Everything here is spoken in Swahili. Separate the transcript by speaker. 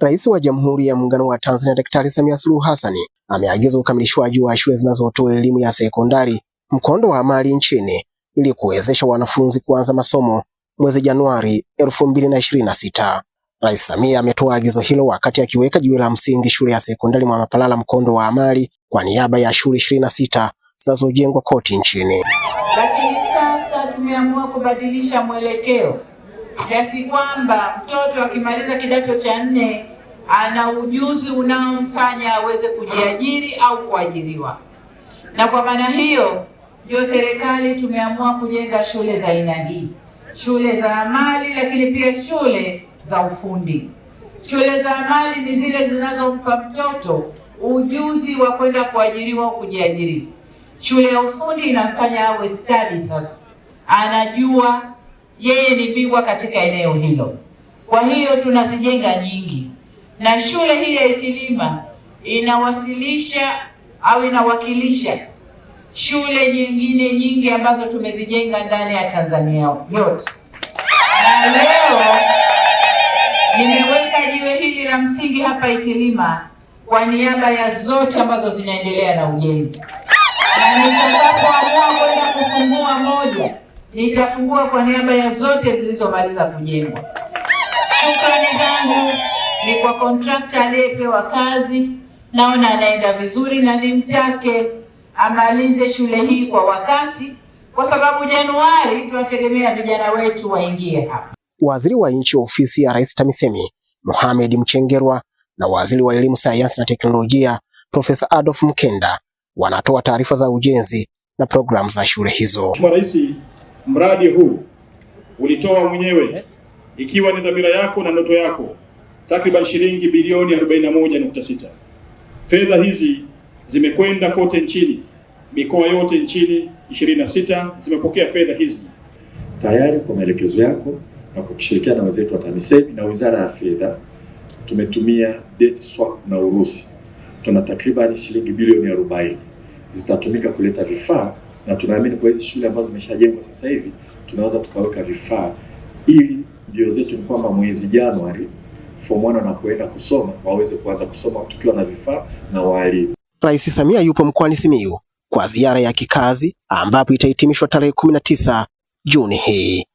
Speaker 1: Rais wa Jamhuri ya Muungano wa Tanzania Daktari Samia Suluhu Hassani ameagiza ukamilishwaji wa shule zinazotoa elimu ya sekondari mkondo wa amali nchini ili kuwezesha wanafunzi kuanza masomo mwezi Januari 2026. Rais Samia ametoa agizo hilo wakati akiweka jiwe la msingi shule ya sekondari Mwamapalala mkondo wa amali kwa niaba ya shule 26 zinazojengwa kote nchini.
Speaker 2: Lakini sasa tumeamua kubadilisha mwelekeo kiasi kwamba mtoto akimaliza kidato cha nne ana ujuzi unaomfanya aweze kujiajiri au kuajiriwa. Na kwa maana hiyo ndio serikali tumeamua kujenga shule za aina hii, shule za amali, lakini pia shule za ufundi. Shule za amali ni zile zinazompa mtoto ujuzi wa kwenda kuajiriwa au kujiajiri. Shule ya ufundi inamfanya awe stadi, sasa anajua yeye ni bingwa katika eneo hilo. Kwa hiyo tunazijenga nyingi, na shule hii ya Itilima inawasilisha au inawakilisha shule nyingine nyingi ambazo tumezijenga ndani ya Tanzania yote, na leo nimeweka jiwe hili la msingi hapa Itilima kwa niaba ya zote ambazo zinaendelea na ujenzi na nitakapoamua nitafungua kwa niaba ya zote zilizomaliza kujengwa. Shukrani zangu ni kwa kontrakta aliyepewa kazi, naona anaenda vizuri, na nimtake amalize shule hii kwa wakati, kwa sababu Januari tunategemea vijana wetu waingie hapa.
Speaker 1: Waziri wa Nchi, Ofisi ya Rais TAMISEMI, Mohamed Mchengerwa na Waziri wa Elimu, Sayansi na Teknolojia, Profesa Adolf Mkenda wanatoa taarifa za ujenzi na programu za shule hizo.
Speaker 3: Maraisi mradi huu ulitoa mwenyewe ikiwa ni dhamira yako na ndoto yako takriban shilingi bilioni 41.6. Fedha hizi zimekwenda kote nchini, mikoa yote nchini 26 zimepokea fedha hizi
Speaker 4: tayari. Kwa maelekezo yako na kwa kushirikiana na wenzetu wa TAMISEMI na Wizara ya Fedha tumetumia debt swap na Urusi, tuna takriban shilingi bilioni 40 zitatumika kuleta vifaa na tunaamini kwa hizi shule ambazo zimeshajengwa sasa hivi tunaweza tukaweka vifaa ili ndio zetu ni kwamba mwezi Januari form 1 wanapoenda kusoma waweze kuanza kusoma tukiwa na vifaa na walimu.
Speaker 1: Rais Samia yupo mkoani Simiyu kwa ziara ya kikazi ambapo itahitimishwa tarehe 19 Juni hii.